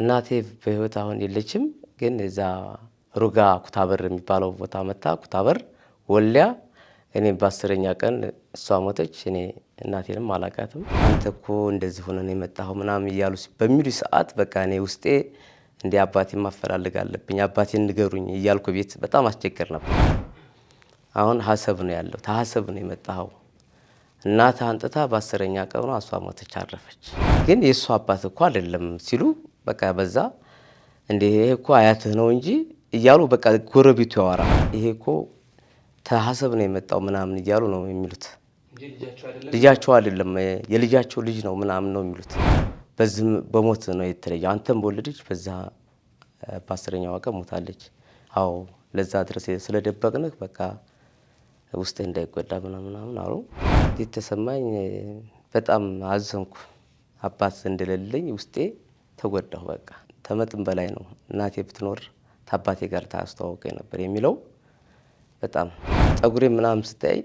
እናቴ በህይወት አሁን የለችም፣ ግን እዛ ሩጋ ኩታበር የሚባለው ቦታ መታ ኩታበር ወልያ እኔ በአስረኛ ቀን እሷ ሞተች። እኔ እናቴንም አላቃትም። አንተ እኮ እንደዚህ ሆነ ነው የመጣሁ ምናምን እያሉ በሚሉ ሰዓት በቃ እኔ ውስጤ እንደ አባቴ ማፈላለግ አለብኝ አባቴን ንገሩኝ እያልኩ ቤት በጣም አስቸገር ነበር። አሁን ሀሰብ ነው ያለው ተሀሰብ ነው የመጣኸው እናትህ አንጥታ በአስረኛ ቀኑ እሷ ሞተች አረፈች። ግን የእሷ አባት እኮ አይደለም ሲሉ በቃ በዛ እንደ ይሄ እኮ አያትህ ነው እንጂ እያሉ በቃ ጎረቤቱ ያወራ ይሄ እኮ ተሀሰብ ነው የመጣው ምናምን እያሉ ነው የሚሉት። ልጃቸው አይደለም የልጃቸው ልጅ ነው ምናምን ነው የሚሉት። በዚህም በሞት ነው የተለየ አንተም በወለደች በዛ በአስረኛ ዋቀ ሞታለች። አዎ ለዛ ድረስ ስለደበቅንህ በቃ ውስጥ እንዳይጎዳ ምናምናምን አሉ። የተሰማኝ በጣም አዘንኩ። አባት እንደሌለኝ ውስጤ ተጎዳሁ። በቃ ተመጥን በላይ ነው። እናቴ ብትኖር ታባቴ ጋር ታስተዋውቀኝ ነበር የሚለው በጣም ጠጉሬ ምናምን ስታይ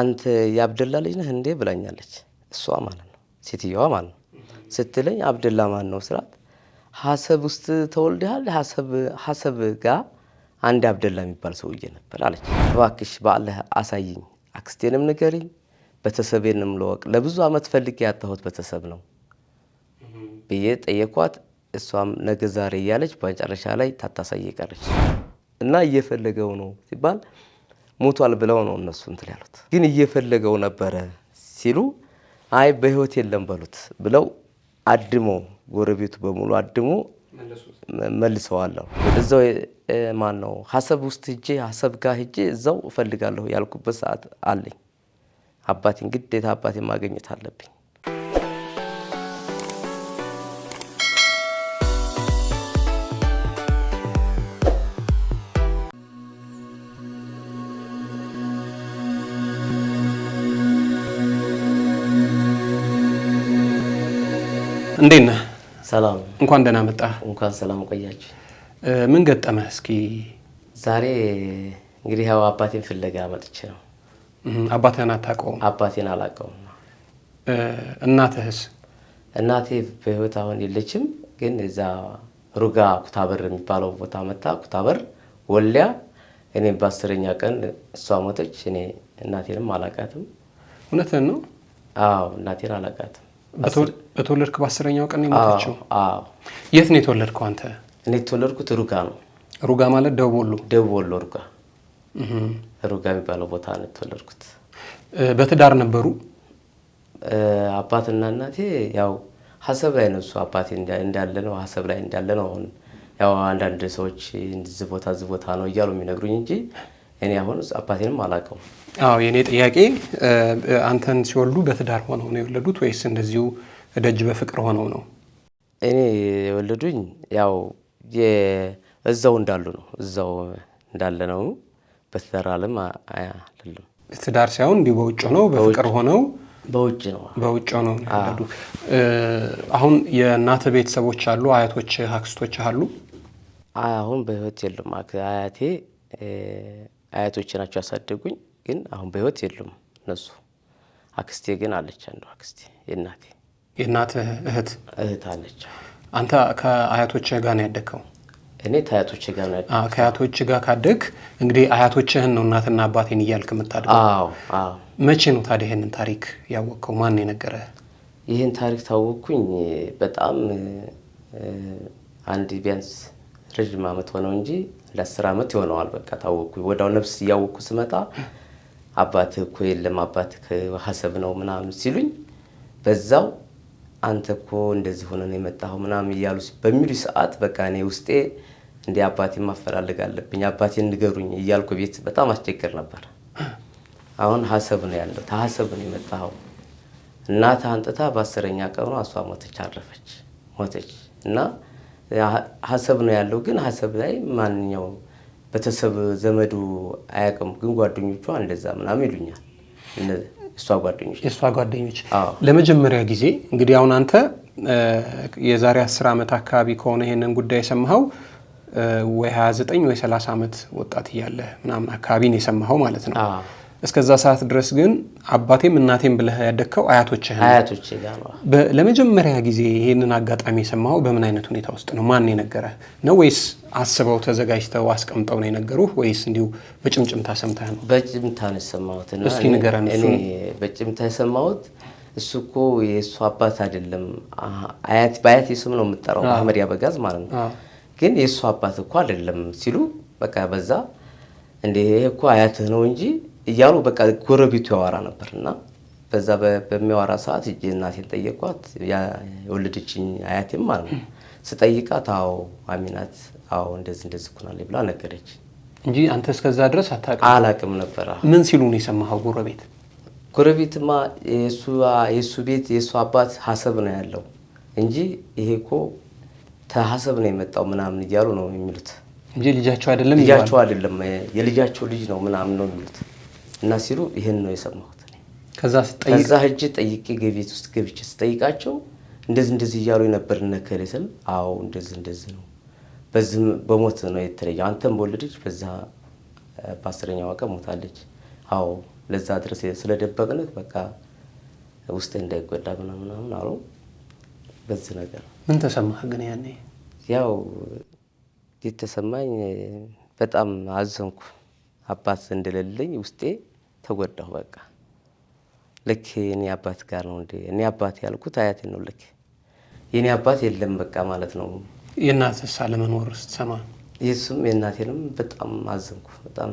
አንተ የአብደላ ልጅ ነህ እንዴ ብላኛለች። እሷ ማለት ነው ሴትየዋ ማለት ነው ስትለኝ አብደላ ማን ነው ስላት ሀሰብ ውስጥ ተወልደሃል ሀሰብ ጋር አንድ አብደላ የሚባል ሰውዬ ነበር አለች። እባክሽ በአላህ አሳይኝ፣ አክስቴንም ንገሪኝ፣ ቤተሰቤንም ለወቅ ለብዙ አመት ፈልጌ ያጣሁት ቤተሰብ ነው ብዬ ጠየኳት። እሷም ነገ ዛሬ እያለች በመጨረሻ ላይ ታታሳይ ቀረች እና እየፈለገው ነው ሲባል ሞቷል ብለው ነው እነሱ እንትን ያሉት። ግን እየፈለገው ነበረ ሲሉ አይ በህይወት የለም በሉት ብለው አድሞ ጎረቤቱ በሙሉ አድሞ መልሰዋለሁ። እዛው ማን ነው ሀሰብ ውስጥ ሂጄ ሀሰብ ጋር ሂጄ እዛው እፈልጋለሁ ያልኩበት ሰዓት አለኝ። አባቴን ግዴታ አባቴን ማገኘት አለብኝ። እንዴት ነህ? ሰላም። እንኳን ደህና መጣህ። እንኳን ሰላም ቆያችሁ። ምን ገጠመህ? እስኪ ዛሬ እንግዲህ ያው አባቴን ፍለጋ መጥቼ ነው። አባቴን አታውቀውም? አባቴን አላውቀውም። እናትህስ? እናቴ በህይወት አሁን የለችም፣ ግን እዛ ሩጋ ኩታበር የሚባለው ቦታ መታ ኩታበር ወልያ እኔ በአስረኛ ቀን እሷ ሞተች። እኔ እናቴንም አላውቃትም። እውነትህን ነው? አዎ እናቴን አላውቃትም። በተወለድክ በአስረኛው ቀን የሞተችው? የት ነው የተወለድከው አንተ? እኔ የተወለድኩት ሩጋ ነው። ሩጋ ማለት ደቡብ ወሎ። ደቡብ ወሎ ሩጋ ሩጋ የሚባለው ቦታ ነው የተወለድኩት። በትዳር ነበሩ አባትና እናቴ? ያው ሀሰብ ላይ ነው እሱ አባቴ እንዳለ ነው ሀሰብ ላይ እንዳለ ነው። አሁን ያው አንዳንድ ሰዎች ዝቦታ ቦታ ቦታ ነው እያሉ የሚነግሩኝ እንጂ እኔ አሁን አባቴንም አላቀው አዎ የእኔ ጥያቄ አንተን ሲወልዱ በትዳር ሆነው ነው የወለዱት ወይስ እንደዚሁ ደጅ በፍቅር ሆነው ነው? እኔ የወለዱኝ ያው እዛው እንዳሉ ነው። እዛው እንዳለ ነው። በትዳር አለም አይደለም። ትዳር ሳይሆን እንዲሁ በውጭ ነው በፍቅር ሆነው በውጭ ነው በውጭ ነው የወለዱ። አሁን የእናተ ቤተሰቦች አሉ፣ አያቶች አክስቶች አሉ? አሁን በህይወት የሉም። አያቴ አያቶች ናቸው ያሳደጉኝ፣ ግን አሁን በህይወት የሉም እነሱ። አክስቴ ግን አለች፣ አንዱ አክስቴ የእናቴ የእናትህ እህት እህት አለች። አንተ ከአያቶች ጋር ነው ያደግከው? እኔ ከአያቶች ጋር ነው ያደግከው። ከአያቶች ጋር ካደግ እንግዲህ አያቶችህን ነው እናትና አባቴን እያልክ የምታደርገው። መቼ ነው ታዲያ ይህንን ታሪክ ያወቅከው? ማን የነገረ ይህን ታሪክ ታወቅኩኝ? በጣም አንድ ቢያንስ ረዥም አመት ሆነው እንጂ ለአስር ዓመት ይሆነዋል። በቃ ታወቅኩ። ወዲያው ነፍስ እያወቅኩ ስመጣ አባት እኮ የለም አባት ሀሰብ ነው ምናምን ሲሉኝ በዛው አንተ እኮ እንደዚህ ሆነ ነው የመጣኸው ምናምን እያሉ በሚሉ ሰዓት በቃ እኔ ውስጤ እንደ አባቴን ማፈላለግ አለብኝ፣ አባቴን ንገሩኝ እያልኩ ቤት በጣም አስቸገር ነበር። አሁን ሀሰብ ነው ያለው ሀሰብ ነው የመጣኸው። እናትህ አንጥታ በአስረኛ ቀኑ እሷ ሞተች፣ አረፈች፣ ሞተች እና ሀሰብ ነው ያለው። ግን ሀሰብ ላይ ማንኛውም ቤተሰብ ዘመዱ አያውቅም። ግን ጓደኞቿ እንደዛ ምናምን ይሉኛል። እሷ ጓደኞች የእሷ ጓደኞች ለመጀመሪያ ጊዜ እንግዲህ አሁን አንተ የዛሬ አስር ዓመት አካባቢ ከሆነ ይሄንን ጉዳይ የሰማኸው ወይ 29 ወይ 30 ዓመት ወጣት እያለ ምናምን አካባቢ ነው የሰማኸው ማለት ነው። እስከዛ ሰዓት ድረስ ግን አባቴም እናቴም ብለህ ያደግከው አያቶች ለመጀመሪያ ጊዜ ይህንን አጋጣሚ የሰማው በምን አይነት ሁኔታ ውስጥ ነው? ማን የነገረ ነው? ወይስ አስበው ተዘጋጅተው አስቀምጠው ነው የነገሩ? ወይስ እንዲሁ በጭምጭምታ ሰምተህ ነው? በጭምታ ነው የሰማሁት። እስኪ ንገረን። በጭምታ የሰማሁት እሱ እኮ የእሱ አባት አይደለም። በአያት ስም ነው የምጠራው፣ አህመድ ያበጋዝ ማለት ነው። ግን የእሱ አባት እኮ አይደለም ሲሉ በቃ በዛ እንደ እኮ አያትህ ነው እንጂ እያሉ በቃ ጎረቤቱ ያወራ ነበር እና በዛ በሚያወራ ሰዓት እ እናቴን ጠየቋት የወለደችኝ አያቴም ማለት ነው። ስጠይቃት አዎ አሚናት፣ አዎ እንደዚህ እንደዚህ እኮናለች ብላ ነገረች እንጂ አንተ እስከዛ ድረስ አታውቅም? አላውቅም ነበረ። ምን ሲሉ ነው የሰማኸው? ጎረቤት ጎረቤትማ የእሱ ቤት የእሱ አባት ሀሰብ ነው ያለው እንጂ ይሄ እኮ ተሀሰብ ነው የመጣው ምናምን እያሉ ነው የሚሉት እንጂ ልጃቸው አይደለም ልጃቸው አይደለም የልጃቸው ልጅ ነው ምናምን ነው የሚሉት እና ሲሉ ይህን ነው የሰማሁት። ከዛ ሂጅ ጠይቄ ገቤት ውስጥ ገብቼ ስጠይቃቸው እንደዚህ እንደዚህ እያሉ ነበር ነከሌ ስል አዎ እንደዚህ እንደዚህ ነው በዚህም በሞት ነው የተለየው። አንተም በወለደች በዛ በአስረኛዋ ቀን ሞታለች። አዎ ለዛ ድረስ ስለደበቅንህ በቃ ውስጤ እንዳይጎዳ ምናምናምን አሉ። በዚህ ነገር ምን ተሰማህ ግን? ያኔ ያው የተሰማኝ በጣም አዘንኩ። አባት እንደሌለኝ ውስጤ ተጎዳሁ። በቃ ልክ የኔ አባት ጋር ነው እንደ እኔ አባት ያልኩት አያቴ ነው። ልክ የኔ አባት የለም በቃ ማለት ነው። የእናትህ አለመኖር ስትሰማ የሱም የእናቴንም በጣም አዘንኩ። በጣም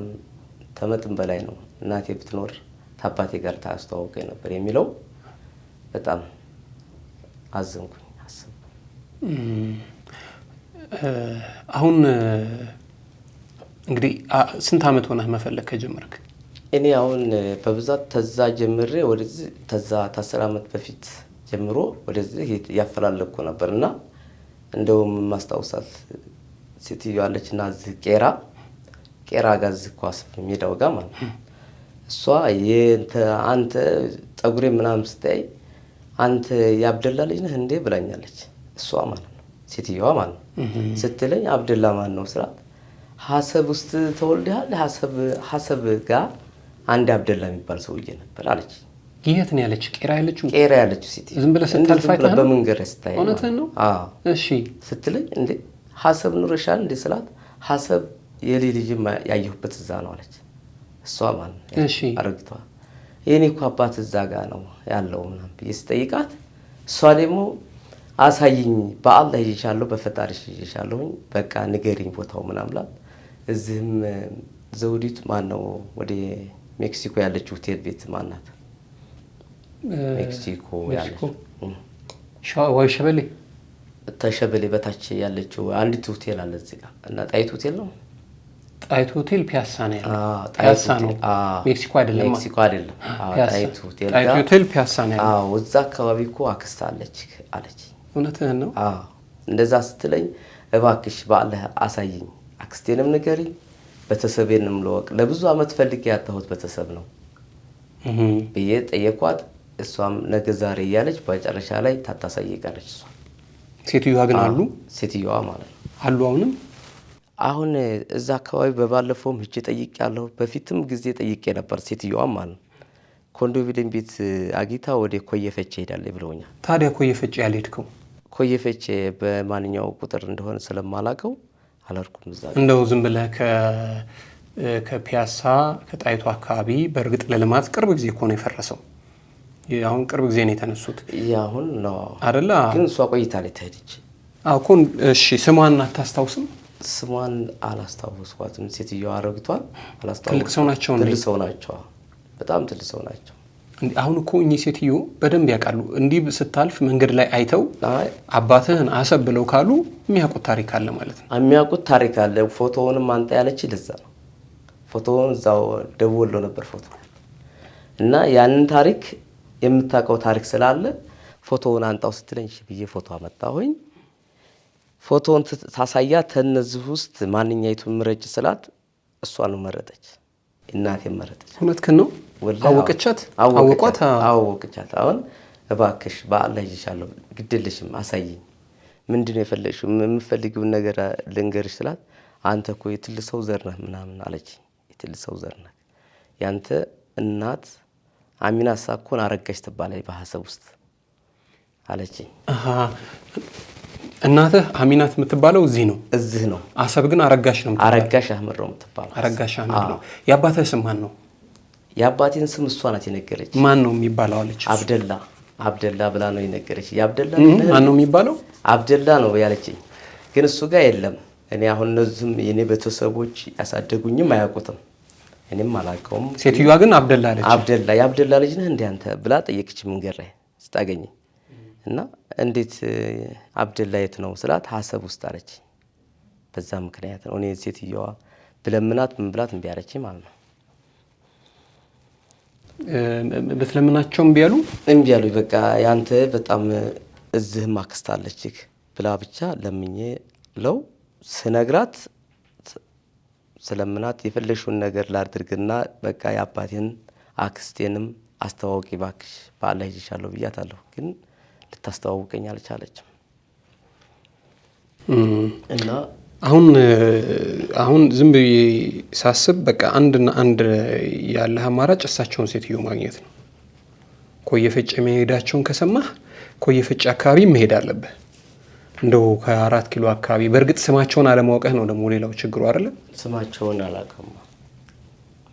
ተመጥን በላይ ነው። እናቴ ብትኖር ታባቴ ጋር ታስተዋውቀኝ ነበር የሚለው በጣም አዘንኩኝ። አስብ አሁን እንግዲህ ስንት ዓመት ሆነህ መፈለግ ከጀመርክ? እኔ አሁን በብዛት ተዛ ጀምሬ ወደዚህ ተዛ ከአስር ዓመት በፊት ጀምሮ ወደዚህ ያፈላለኩ ነበር እና እንደውም ማስታውሳት ሴትዮ አለች እና እዚህ ቄራ ቄራ ጋር እዚህ ኳስ ሜዳው ጋር ማለት እሷ አንተ ጠጉሬ ምናምን ስታይ አንተ የአብደላ ልጅ ነህ እንዴ ብላኛለች። እሷ ማለት ነው ሴትዮዋ ማለት ነው ስትለኝ አብደላ ማን ነው ስራት ሀሰብ ውስጥ ተወልደሃል ሀሰብ ጋር አንድ አብደላ የሚባል ሰውዬ ነበር አለች። የት ነው ያለች? ቄራ ያለችው ቄራ ያለችው ሴት ዝም ብለህ ስታልፋይታ በመንገድ ላይ ስታይ እውነትህን ነው። እሺ ስትለኝ እንዴ ሀሰብ ኑረሻል እንዴ ስላት ሀሰብ የሌ ልጅ ያየሁበት እዛ ነው አለች። እሷ ማን አረግቷ የኔ እኮ አባት እዛ ጋ ነው ያለው ምናምን ብዬ ስጠይቃት እሷ ደግሞ አሳይኝ፣ በአላህ ይዤሻለሁ፣ በፈጣሪ ይዤሻለሁኝ፣ በቃ ንገሪኝ ቦታው ምናምን ብላት እዚህም ዘውዲቱ ማን ነው ወደ ሜክሲኮ ያለች ሆቴል ቤት ማናት? ሜክሲኮ ያለች ሸበሌ ተሸበሌ በታች ያለችው አንዲት ሆቴል አለ እዚህ ጋር እና ጣይቱ ሆቴል ነው። ጣይቱ ሆቴል ፒያሳ ነው። ፒያሳ ነው፣ ሜክሲኮ አይደለም። ሜክሲኮ አይደለም። ጣይቱ ሆቴል ጣይቱ ሆቴል ፒያሳ ነው። ያለ። አዎ፣ እዛ አካባቢ እኮ አክስት አለች አለች። እውነትህን ነው። አዎ፣ እንደዛ ስትለኝ እባክሽ በአላህ አሳይኝ፣ አክስቴንም ንገሪኝ ቤተሰቤንም ለወቅ ለብዙ ዓመት ፈልጌ ያጣሁት ቤተሰብ ነው ብዬ ጠየኳት። እሷም ነገ ዛሬ እያለች በመጨረሻ ላይ ታታሳይ እሷ ሴትዮዋ ግን አሉ ሴትዮዋ ማለት ነው አሉ አሁንም አሁን እዛ አካባቢ በባለፈውም ሂጄ ጠይቄ ያለሁ በፊትም ጊዜ ጠይቄ ነበር። ሴትዮዋ ማለት ነው ኮንዶሚኒየም ቤት አግኝታ ወደ ኮየፈቼ ሄዳለች ብለውኛል። ታዲያ ኮየፈቼ ያልሄድከው ኮየፈቼ በማንኛው ቁጥር እንደሆነ ስለማላውቀው አላልኩም። እዛ እንደው ዝም ብለህ ከፒያሳ ከጣይቱ አካባቢ በእርግጥ ለልማት ቅርብ ጊዜ እኮ ነው የፈረሰው። አሁን ቅርብ ጊዜ ነው የተነሱት። አሁን አደላ ግን እሷ ቆይታ ላይ ተሄደች አሁን። እሺ ስሟን አታስታውስም? ስሟን አላስታወስኳትም። ሴትዮዋ አረግቷል። ትልቅ ሰው ናቸው። ትልቅ ሰው ናቸው። በጣም ትልቅ ሰው ናቸው። አሁን እኮ እኚህ ሴትዮ በደንብ ያውቃሉ። እንዲህ ስታልፍ መንገድ ላይ አይተው አባትህን አሰብ ብለው ካሉ የሚያውቁት ታሪክ አለ ማለት ነው። የሚያውቁት ታሪክ አለ። ፎቶውንም አንተ ያለች ለዛ ነው። ፎቶውን እዛው ደቡብ ወሎ ነበር ፎቶ እና ያንን ታሪክ የምታውቀው ታሪክ ስላለ ፎቶውን አንጣው ስትለኝ ብዬ ፎቶ አመጣሁኝ። ፎቶውን ታሳያ ተነዚህ ውስጥ ማንኛይቱ ምረጭ ስላት እሷን መረጠች። እናቴ መረጠች። እውነትህን ነው አወቅቻት አወቋት አወቅቻት። አሁን እባክሽ በዓል ላይ ይሻለሁ ግድልሽም አሳይኝ፣ ምንድን ነው የፈለግሽው? የምፈልጊውን ነገር ልንገርሽ ስላት አንተ እኮ የትል ሰው ዘር ነህ ምናምን አለች። የትል ሰው ዘር ነህ ያንተ እናት አሚና ሳኮን አረጋሽ ትባላለች በሀሰብ ውስጥ አለች። እናትህ አሚናት የምትባለው እዚህ ነው እዚህ ነው። አሰብ ግን አረጋሽ ነው አረጋሽ አህመድ ነው የምትባለው። አረጋሽ አህመድ ነው። የአባትህ ስም ማን ነው? የአባቴን ስም እሷ ናት የነገረች። ማን ነው የሚባለው አለች። አብደላ አብደላ ብላ ነው የነገረች። የአብደላ ማን ነው የሚባለው? አብደላ ነው ያለችኝ። ግን እሱ ጋር የለም። እኔ አሁን እነዚህም የኔ ቤተሰቦች ያሳደጉኝም አያውቁትም፣ እኔም አላውቀውም። ሴትዮዋ ግን አብደላ አለች። አብደላ የአብደላ ልጅ ነህ እንደ አንተ ብላ ጠየቅች መንገድ ላይ ስታገኝ እና እንዴት አብደላ የት ነው ስላት ሀሰብ ውስጥ አለች። በዛ ምክንያት ነው እኔ ሴትዮዋ ብለምናት ምን ብላት እምቢ አለች ማለት ነው። ብትለምናቸው እምቢ ያሉ እምቢ ያሉ በቃ ያንተ በጣም እዝህ ማክስት ብላ ብቻ ለምኜ ለው ስነግራት ስለምናት የፈለግሽውን ነገር ላድርግና በቃ የአባቴን አክስቴንም አስተዋውቂ ባክሽ በአላህ ሂጅሻለሁ ብያታለሁ። ግን ልታስተዋውቀኝ አልቻለችም እና አሁን አሁን ዝም ብዬ ሳስብ በቃ አንድና አንድ ያለህ አማራጭ እሳቸውን ሴትዮ ማግኘት ነው። ኮየፈጬ መሄዳቸውን ከሰማህ ኮየፈጬ አካባቢ መሄድ አለብህ። እንደው ከአራት ኪሎ አካባቢ በእርግጥ ስማቸውን አለማወቀህ ነው ደግሞ ሌላው ችግሩ አይደለም። ስማቸውን አላውቅም።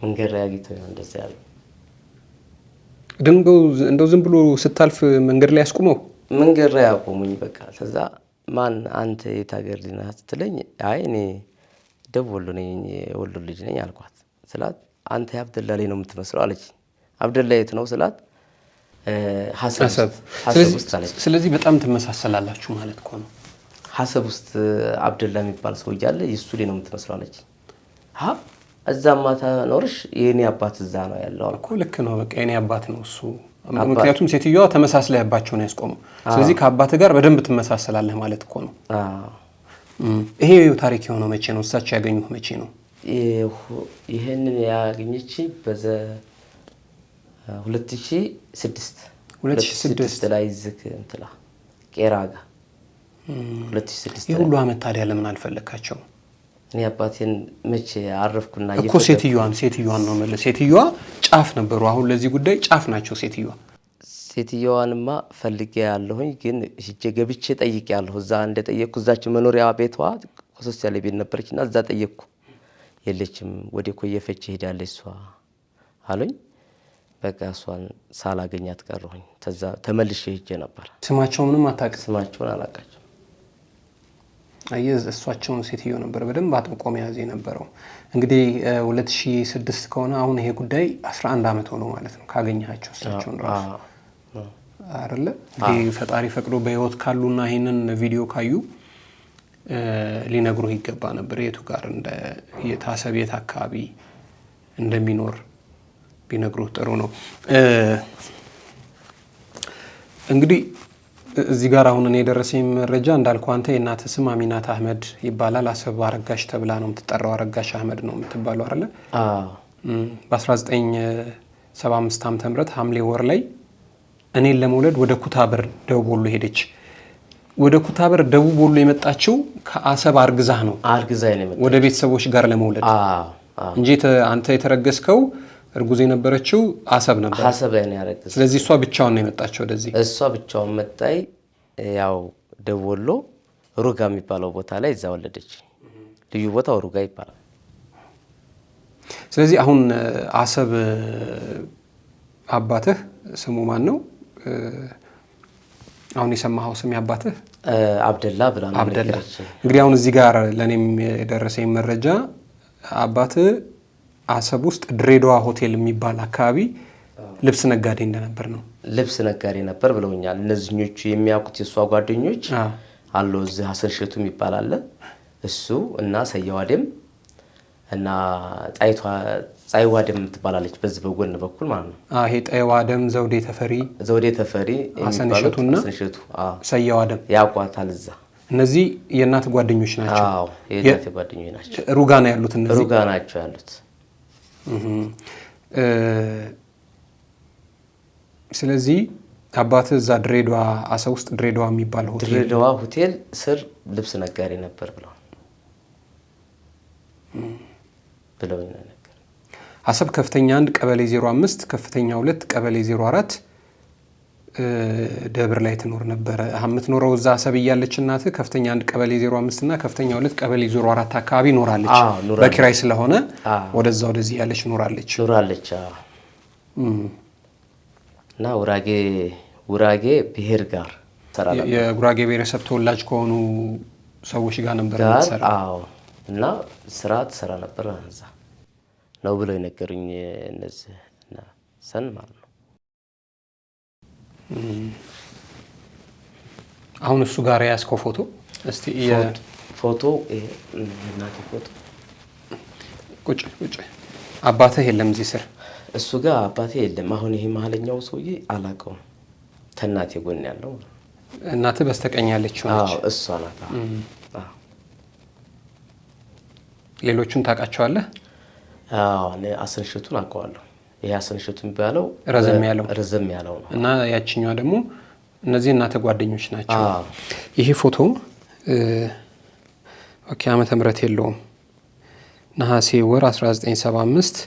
መንገድ ላይ አግኝቶ ነው እንደዚያ እንደው ዝም ብሎ ስታልፍ መንገድ ላይ ያስቁመው። መንገድ ላይ አቆሙኝ። በቃ ከዛ ማን አንተ የት ሀገር ልጅ ነህ ስትለኝ አይ እኔ ደቡብ ወሎ ነኝ የወሎ ልጅ ነኝ አልኳት። ስላት አንተ የአብደላ ላይ ነው የምትመስለው አለች። አብደላ የት ነው ስላት ስለዚህ በጣም ትመሳሰላላችሁ ማለት እኮ ነው። ሀሰብ ውስጥ አብደላ የሚባል ሰው እያለ የእሱ ላይ ነው የምትመስለው አለች። ማታ ኖርሽ የእኔ አባት እዛ ነው ያለው እኮ ልክ ነው። በቃ የእኔ አባት ነው እሱ ምክንያቱም ሴትዮዋ ተመሳስለህባቸው ነው ያስቆመው። ስለዚህ ከአባት ጋር በደንብ ትመሳሰላለህ ማለት እኮ ነው። ይሄ ታሪክ የሆነው መቼ ነው? እሳቸው ያገኙ መቼ ነው? ይህንን ያገኘች በዘ 2006 ላይ ዝክ እንትላ ቄራ ጋር ይህ ሁሉ አመት ታዲያ ለምን አልፈለካቸው? እኔ አባቴን መቼ አረፍኩና እኮ ሴትዮዋን ሴትዮዋን ነው መለ ሴትዮዋ ጫፍ ነበሩ። አሁን ለዚህ ጉዳይ ጫፍ ናቸው። ሴትዮዋ ሴትዮዋንማ ፈልጌ ያለሁኝ ግን ሂጄ ገብቼ ጠይቅ ያለሁ እዛ እንደጠየቅኩ እዛችን መኖሪያ ቤቷ ኮሶስ ያለ ቤት ነበረች እና እዛ ጠየቅኩ። የለችም ወደ ኮየፈች ሄዳለች እሷ አሉኝ። በቃ እሷን ሳላገኛት ቀረሁኝ። ተመልሼ ሄጄ ነበር። ስማቸው ምንም አታውቅም። ስማቸውን አላውቃቸውም። አየህ እሷቸውን ሴትዮ ነበር በደንብ አጥብቆ መያዝ የነበረው እንግዲህ 2006 ከሆነ አሁን ይሄ ጉዳይ 11 ዓመት ሆኖ ማለት ነው ካገኘቸው እሳቸውን አለ ፈጣሪ ፈቅዶ በህይወት ካሉና ይህንን ቪዲዮ ካዩ ሊነግሩህ ይገባ ነበር የቱ ጋር እንደ የት አካባቢ እንደሚኖር ቢነግሩህ ጥሩ ነው። እንግዲህ እዚህ ጋር አሁን እኔ የደረሰኝ መረጃ እንዳልኩ አንተ የእናት ስም አሚናት አህመድ ይባላል። አሰብ አረጋሽ ተብላ ነው የምትጠራው። አረጋሽ አህመድ ነው የምትባለው አለ በ1975 ዓ ም ሐምሌ ወር ላይ እኔን ለመውለድ ወደ ኩታበር ደቡብ ወሎ ሄደች። ወደ ኩታበር ደቡብ ወሎ የመጣችው ከአሰብ አርግዛህ ነው ወደ ቤተሰቦች ጋር ለመውለድ እንጂ አንተ የተረገዝከው እርጉዝ የነበረችው አሰብ ነበር። አሰብ ላይ ነው ያረገዘ። ስለዚህ እሷ ብቻውን ነው የመጣቸው ወደዚህ። እሷ ብቻውን መጣይ ያው ደወሎ ሩጋ የሚባለው ቦታ ላይ እዛ ወለደች። ልዩ ቦታው ሩጋ ይባላል። ስለዚህ አሁን አሰብ አባትህ ስሙ ማን ነው? አሁን የሰማኸው ስም አባትህ አብደላ ብላ አብደላ። እንግዲህ አሁን እዚህ ጋር ለእኔም የደረሰኝ መረጃ አባትህ አሰብ ውስጥ ድሬዳዋ ሆቴል የሚባል አካባቢ ልብስ ነጋዴ እንደነበር ነው። ልብስ ነጋዴ ነበር ብለውኛል። እነዚህኞቹ የሚያውቁት የእሷ ጓደኞች አለ እዚህ ሀሰን ሸቱም ይባላል እሱ እና ሰየዋዴም እና ጣይዋ ደም ትባላለች። በዚህ በጎን በኩል ማለት ነው። ይሄ ጣይዋ ዘውዴ ተፈሪ ዘውዴ ተፈሪ ሀሰን ሸቱና ያውቋታል እዛ። እነዚህ የእናት ጓደኞች ናቸው። ሩጋ ነው ያሉት እነዚህ ሩጋ ናቸው ያሉት ስለዚህ አባት እዛ ድሬዳዋ አሰ ውስጥ ድሬዳዋ የሚባል ሆቴል ድሬዳዋ ሆቴል ስር ልብስ ነጋዴ ነበር ብለዋል ብለው አሰብ ከፍተኛ አንድ ቀበሌ 05 ከፍተኛ ሁለት ቀበሌ 04 ደብር ላይ ትኖር ነበረ። የምትኖረው እዛ አሰብ እያለች እናት ከፍተኛ አንድ ቀበሌ ዜሮ አምስት እና ከፍተኛ ሁለት ቀበሌ ዜሮ አራት አካባቢ ኖራለች። በኪራይ ስለሆነ ወደዛ ወደዚህ እያለች ኖራለች ኖራለች እና ውራጌ ውራጌ ብሄር ጋር የጉራጌ ብሄረሰብ ተወላጅ ከሆኑ ሰዎች ጋር ነበር እና ስራ ትሰራ ነበር። እዛ ነው ብለው የነገሩኝ እነዚህ ሰን ማለት ነው አሁን እሱ ጋር የያዝከው ፎቶ እስቲ ፎቶ የእናቴ ፎቶ ቁጭ ቁጭ። አባትህ የለም እዚህ ስር እሱ ጋር አባቴ የለም። አሁን ይሄ መሀለኛው ሰውዬ አላውቀውም። ከእናቴ ጎን ያለው እናት በስተቀኝ ያለችው እሷ ናት። ሌሎቹን ታውቃቸዋለህ? አስርሽቱን አውቀዋለሁ። የሀሰን እሸቱ የሚባለው ረዘም ያለው ረዘም ያለው ነው እና ያችኛዋ ደግሞ እነዚህ እናተ ጓደኞች ናቸው። ይሄ ፎቶ ኦኬ ዓመተ ምህረት የለውም። ነሐሴ ወር 1975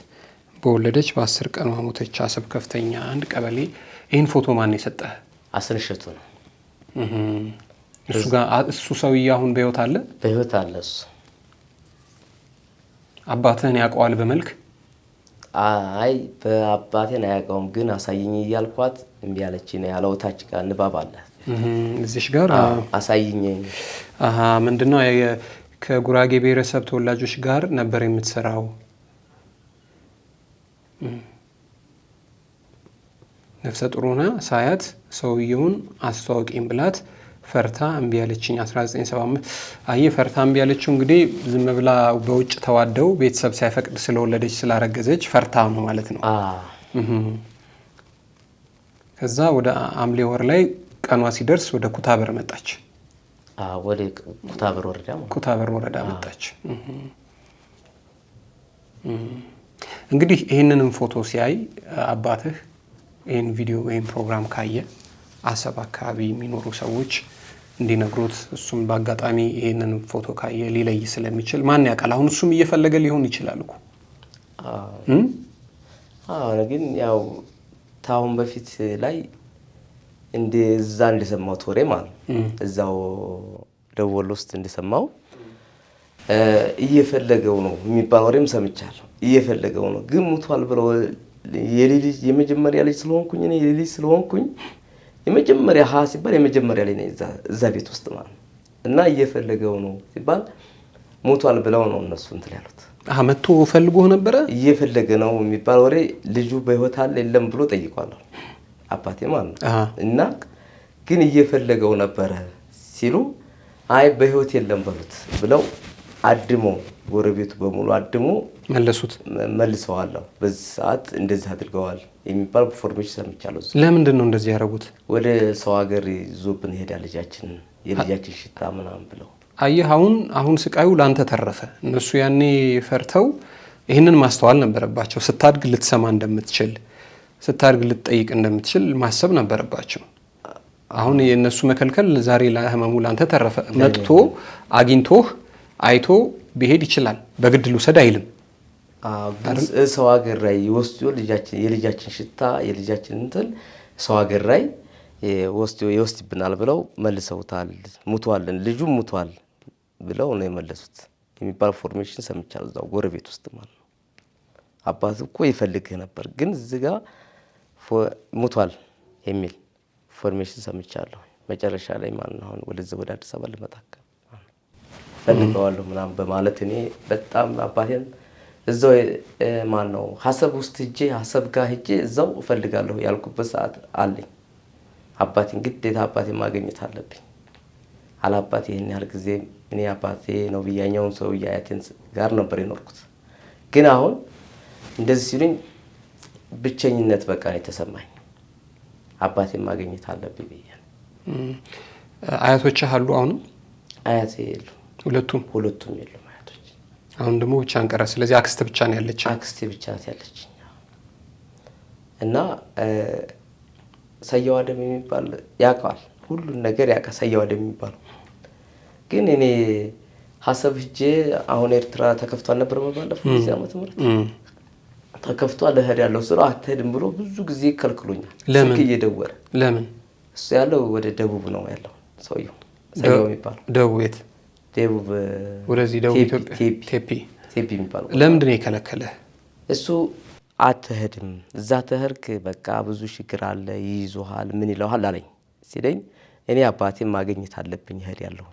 በወለደች በ10 ቀን ሞተች። አሰብ ከፍተኛ አንድ ቀበሌ። ይህን ፎቶ ማን የሰጠህ? ሀሰን ነው። እሱ ጋር እሱ ሰውዬ አሁን በህይወት አለ? በህይወት አለ። እሱ አባትህን ያውቀዋል በመልክ አይ በአባቴን አያውቀውም ግን አሳይኝ እያልኳት እምቢ አለች ነው ያለው። ታች ጋር ንባብ አለ እዚሽ ጋር አሳይኝ ምንድነው ከጉራጌ ብሔረሰብ ተወላጆች ጋር ነበር የምትሰራው ነፍሰ ጡር ሆና ሳያት ሰውየውን አስተዋውቂም ብላት ፈርታ እምቢ ያለችኝ 1975 አየ ፈርታ እምቢ ያለችው እንግዲህ ዝም ብላ በውጭ ተዋደው ቤተሰብ ሳይፈቅድ ስለወለደች ስላረገዘች ፈርታ ነው ማለት ነው። ከዛ ወደ ሐምሌ ወር ላይ ቀኗ ሲደርስ ወደ ኩታበር መጣች። ወደ ኩታበር ወረዳ ኩታበር ወረዳ መጣች። እንግዲህ ይህንንም ፎቶ ሲያይ አባትህ ይህን ቪዲዮ ወይም ፕሮግራም ካየ አሰብ አካባቢ የሚኖሩ ሰዎች እንዲነግሩት እሱም በአጋጣሚ ይህንን ፎቶ ካየ ሊለይ ስለሚችል ማን ያውቃል። አሁን እሱም እየፈለገ ሊሆን ይችላል እኮ ግን ያው ታሁን በፊት ላይ እዛ እንደሰማሁት ወሬ ማለት እዛው ደወል ውስጥ እንደሰማው እየፈለገው ነው የሚባል ወሬም ሰምቻለሁ። እየፈለገው ነው ግን ሙቷል ብለው የመጀመሪያ ልጅ ስለሆንኩኝ እኔ የሌሊ ስለሆንኩኝ የመጀመሪያ ሀ ሲባል የመጀመሪያ ላይ ነው እዛ ቤት ውስጥ ማለት እና እየፈለገው ነው ሲባል ሞቷል ብለው ነው እነሱ እንትን ያሉት። መቶ ፈልጎ ነበረ እየፈለገ ነው የሚባል ወሬ ልጁ በህይወት አለ የለም ብሎ ጠይቋለሁ አባቴ ማለት ነው። እና ግን እየፈለገው ነበረ ሲሉ አይ በህይወት የለም በሉት ብለው አድሞ ጎረቤቱ በሙሉ አድሞ መለሱት መልሰዋለሁ። በዚህ ሰዓት እንደዚህ አድርገዋል የሚባል ኢንፎርሜሽን ሰምቻለሁ። ለምንድን ነው እንደዚህ ያደረጉት? ወደ ሰው ሀገር ይዞብን ሄዳ ልጃችን የልጃችን ሽታ ምናምን ብለው አየህ። አሁን አሁን ስቃዩ ለአንተ ተረፈ። እነሱ ያኔ ፈርተው ይህንን ማስተዋል ነበረባቸው። ስታድግ ልትሰማ እንደምትችል ስታድግ ልትጠይቅ እንደምትችል ማሰብ ነበረባቸው። አሁን የእነሱ መከልከል ዛሬ ህመሙ ላንተ ተረፈ። መጥቶ አግኝቶህ አይቶ ቢሄድ ይችላል። በግድ ልውሰድ አይልም። ሰው ሀገር ላይ ወስዶ የልጃችን ሽታ የልጃችን እንትን ሰው ሀገር ላይ ወስዶ ይወስድብናል ብለው መልሰውታል። ሙቷልን ልጁ ሙቷል ብለው ነው የመለሱት የሚባል ፎርሜሽን ሰምቻለሁ። እዛው ጎረቤት ውስጥ ማለት ነው። አባት እኮ ይፈልግህ ነበር ግን እዚህ ጋ ሙቷል የሚል ፎርሜሽን ሰምቻለሁ። መጨረሻ ላይ ማለት ነው አሁን ወደዚህ ወደ አዲስ አበባ ልመጣ ፈልገዋለሁ ምናምን በማለት እኔ በጣም አባቴን እዛው ማን ነው ሀሰብ ውስጥ ሄጄ ሀሰብ ጋር ሄጄ እዛው እፈልጋለሁ ያልኩበት ሰዓት አለኝ። አባቴን ግዴታ አባቴ ማግኘት አለብኝ። አላባቴ ይህን ያህል ጊዜ እኔ አባቴ ነው ብያኛውን ሰው አያቴን ጋር ነበር የኖርኩት። ግን አሁን እንደዚህ ሲሉኝ ብቸኝነት በቃ ነው የተሰማኝ። አባቴን ማግኘት አለብኝ ብዬ አያቶች አሉ አሁንም አያቴ የሉ ሁለቱም ሁለቱም የሉ አሁን ደግሞ ብቻህን ቀረ። ስለዚህ አክስት ብቻ ነው ያለች። አክስቴ ብቻ ናት ያለች እና ሰየዋ አደም የሚባል ያውቀዋል፣ ሁሉን ነገር ያውቃ ሰየዋ አደም የሚባለው ግን እኔ ሀሰብ ሂጄ አሁን ኤርትራ ተከፍቶ አልነበረም ባለፈው ጊዜ ዓመተ ምህረት ተከፍቶ ልሄድ ያለው ስራ አትሄድም ብሎ ብዙ ጊዜ ከልክሎኛል። ለምን እየደወረ ለምን እሱ ያለው ወደ ደቡብ ነው ያለው ሰውየው ሰየዋ የሚባለው ደቡብ ደቡብ ወደዚህ ደቡብ ኢትዮጵያ ቴፒ የሚባለው ለምንድን የከለከለ? እሱ አትህድም እዛ ተህርክ በቃ ብዙ ችግር አለ፣ ይይዙሃል፣ ምን ይለውሃል አለኝ ሲለኝ እኔ አባቴን ማግኘት አለብኝ እህድ ያለሁ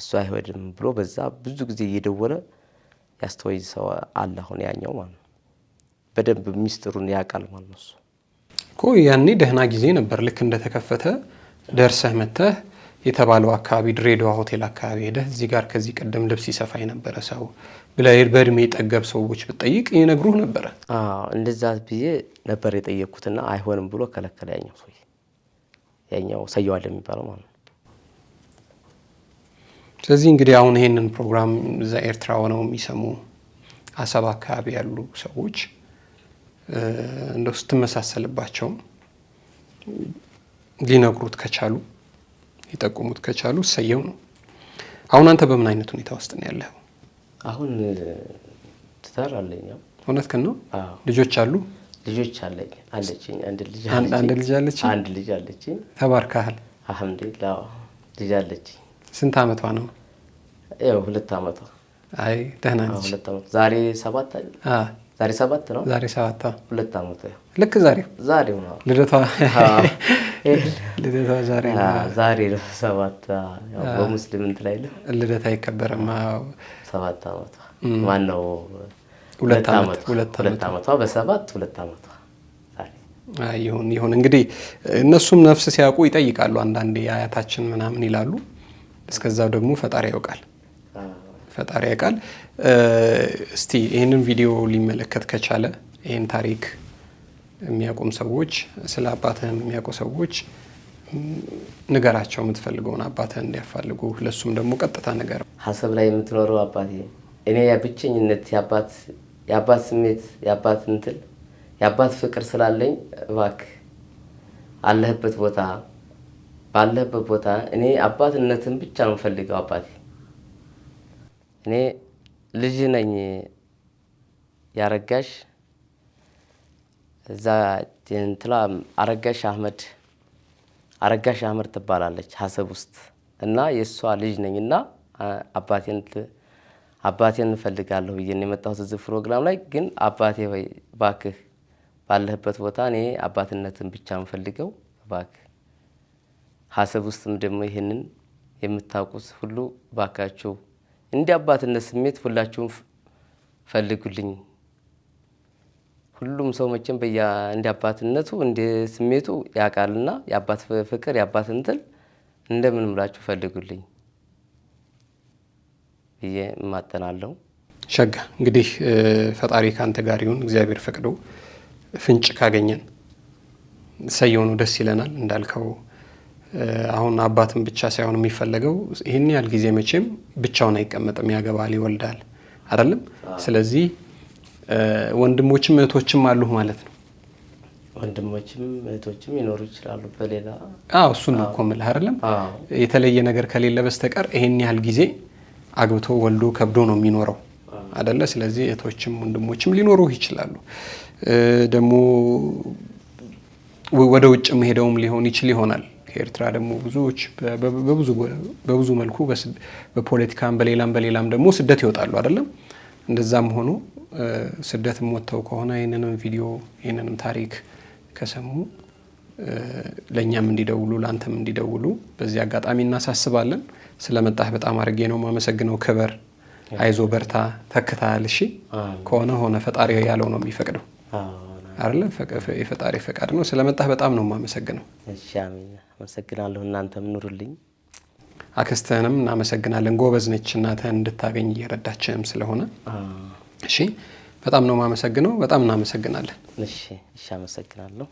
እሱ አይሄድም ብሎ በዛ ብዙ ጊዜ እየደወለ ያስተወይ ሰው አለ። አሁን ያኛው ማለት ነው በደንብ ሚስጥሩን ያውቃል ማለት ነው እኮ ያኔ ደህና ጊዜ ነበር። ልክ እንደተከፈተ ደርሰህ መተህ የተባለው አካባቢ ድሬዳዋ ሆቴል አካባቢ ሄደህ እዚህ ጋር ከዚህ ቀደም ልብስ ይሰፋ የነበረ ሰው ብለህ በእድሜ የጠገብ ሰዎች ብጠይቅ ይነግሩህ ነበረ። እንደዛ ብዬ ነበር የጠየቅኩትና አይሆንም ብሎ ከለከለ። ያኛው ሰው ያኛው ሰየዋል የሚባለው ማለት ነው። ስለዚህ እንግዲህ አሁን ይሄንን ፕሮግራም እዛ ኤርትራ ሆነው የሚሰሙ አሰብ አካባቢ ያሉ ሰዎች እንደው ስትመሳሰልባቸውም ሊነግሩት ከቻሉ ሊጠቁሙት ከቻሉ ሰየው ነው። አሁን አንተ በምን አይነት ሁኔታ ውስጥ ነው ያለኸው? አሁን ትዳር አለኝ። እውነት ከን ነው? ልጆች አሉ? ልጆች አለኝ አለችኝ። አንድ ልጅ አንድ ልጅ አለችኝ። አንድ ልጅ አለችኝ። ተባርካሃል። አልሐምዱሊላህ ልጅ አለችኝ። ስንት አመቷ ነው? ያው ሁለት አመቷ። አይ ደህና ነች። ሁለት አመቷ ዛሬ ሰባት አይደል? አዎ ዛሬ ሰባት ነው። ዛሬ ሰባት ሁለት አመቷ ልክ ዛሬ ዛሬ ነው ልደቷ። ልደቷ ዛሬ ዛሬ ነው ሰባት በሙስሊም እንትን ላይ አይከበርም። ሰባት ዓመቷ ሁለት ዓመቷ በሰባት ሁለት ዓመቷ ይሁን ይሁን። እንግዲህ እነሱም ነፍስ ሲያውቁ ይጠይቃሉ። አንዳንዴ አያታችን ምናምን ይላሉ። እስከዛው ደግሞ ፈጣሪ ያውቃል ፈጣሪ ያውቃል። እስቲ ይህንን ቪዲዮ ሊመለከት ከቻለ ይህን ታሪክ የሚያውቁም ሰዎች ስለ አባትህም የሚያውቁ ሰዎች ንገራቸው፣ የምትፈልገውን አባትህ እንዲያፋልጉ ለሱም ደግሞ ቀጥታ ነገር ሀሰብ ላይ የምትኖረው አባቴ እኔ ብቸኝነት የአባት ስሜት የአባት እንትል የአባት ፍቅር ስላለኝ እባክ አለህበት ቦታ ባለህበት ቦታ እኔ አባትነትን ብቻ ነው የምፈልገው አባቴ እኔ ልጅ ነኝ ያረጋሽ እዛ እንትላ አረጋሽ አህመድ አረጋሽ አህመድ ትባላለች ሀሰብ ውስጥ እና የእሷ ልጅ ነኝ እና አባቴን አባቴን እንፈልጋለሁ ብዬ የመጣሁት እዚህ ፕሮግራም ላይ። ግን አባቴ ሆይ እባክህ ባለህበት ቦታ እኔ አባትነትን ብቻ እንፈልገው እባክህ። ሀሰብ ውስጥም ደግሞ ይህንን የምታውቁት ሁሉ እባካችሁ እንዲህ አባትነት ስሜት ሁላችሁም ፈልጉልኝ። ሁሉም ሰው መቼም በያ እንደ አባትነቱ እንደ ስሜቱ ያውቃልና የአባት ፍቅር የአባት እንትን እንደምን ብላችሁ ፈልጉልኝ ብዬ እማጠናለሁ ሸጋ እንግዲህ ፈጣሪ ከአንተ ጋር ይሁን። እግዚአብሔር ፈቅዶ ፍንጭ ካገኘን ሰየውኑ ደስ ይለናል። እንዳልከው አሁን አባትን ብቻ ሳይሆን የሚፈለገው ይህን ያህል ጊዜ መቼም ብቻውን አይቀመጥም፣ ያገባል፣ ይወልዳል አይደለም። ስለዚህ ወንድሞችም እህቶችም አሉ ማለት ነው። ወንድሞችም እህቶችም ይኖሩ ይችላሉ። በሌላ አዎ እሱን ነው እኮ የምልህ አይደለም። የተለየ ነገር ከሌለ በስተቀር ይሄን ያህል ጊዜ አግብቶ ወልዶ ከብዶ ነው የሚኖረው አደለ? ስለዚህ እህቶችም ወንድሞችም ሊኖሩ ይችላሉ። ደግሞ ወደ ውጭ መሄደውም ሊሆን ይችል ይሆናል። ከኤርትራ ደግሞ ብዙዎች በብዙ መልኩ በፖለቲካም በሌላም በሌላም ደግሞ ስደት ይወጣሉ አደለም? እንደዛም ሆኖ ስደትም ሞተው ከሆነ ይህንንም ቪዲዮ ይህንንም ታሪክ ከሰሙ ለእኛም እንዲደውሉ ለአንተም እንዲደውሉ በዚህ አጋጣሚ እናሳስባለን። ስለመጣህ በጣም አድርጌ ነው የማመሰግነው። ክበር፣ አይዞ፣ በርታ፣ ተክታል። እሺ ከሆነ ሆነ ፈጣሪ ያለው ነው የሚፈቅደው አለ የፈጣሪ ፈቃድ ነው። ስለመጣህ በጣም ነው የማመሰግነው። አመሰግናለሁ። እናንተም ኑሩልኝ። አክስትህንም እናመሰግናለን ጎበዝ ነች እናትህን እንድታገኝ እየረዳችህም ስለሆነ እሺ፣ በጣም ነው የማመሰግነው። በጣም እናመሰግናለን። እሺ፣ አመሰግናለሁ።